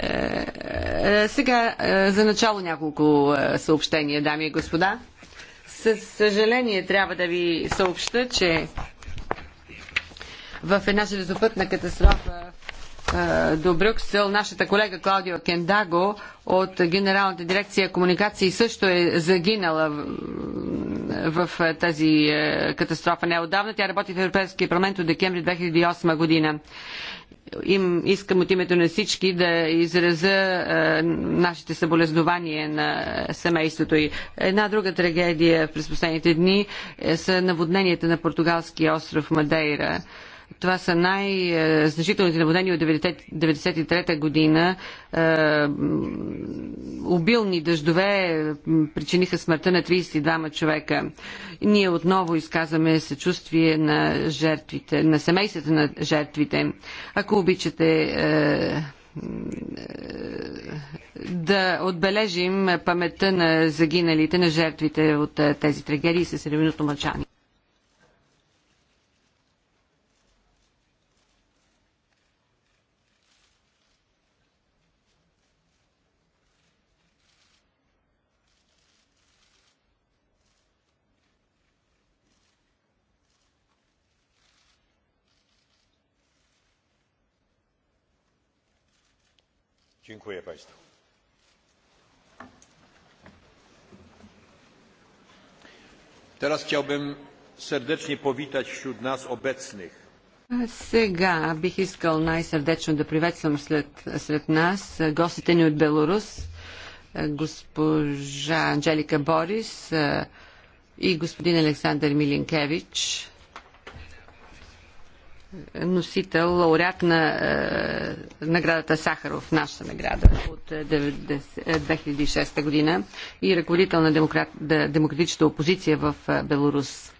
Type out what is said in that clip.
Е, е, сега е, за начало няколко съобщения, дами и господа. Със съжаление трябва да ви съобща, че в една железопътна катастрофа до Брюксел. Нашата колега Клаудио Кендаго от Генералната дирекция комуникации също е загинала в, в тази катастрофа неодавна. Тя работи в Европейския парламент от декември 2008 година им искам от името на всички да изразя е, нашите съболезнования на семейството и една друга трагедия през последните дни е, са наводненията на португалския остров Мадейра. Това са най-значителните е, наводнения от 1993 година. Е, обилни дъждове причиниха смъртта на 32 човека. Ние отново изказваме съчувствие на жертвите, на семействата на жертвите. Ако обичате е, е, да отбележим паметта на загиналите, на жертвите от е, тези трагедии с едноминутно мълчание. dziękuję państwu. teraz chciałbym serdecznie powitać wśród nas obecnych сега бих искал най-сърдечно да приветствам след, сред нас гостите ни от Беларус, е, госпожа Анжелика Борис е, и господин Александър Милинкевич носител, лауреат на е, наградата Сахаров, нашата награда от 90, е, 2006 е, година и ръководител на демократ, демократичната опозиция в е, Беларус.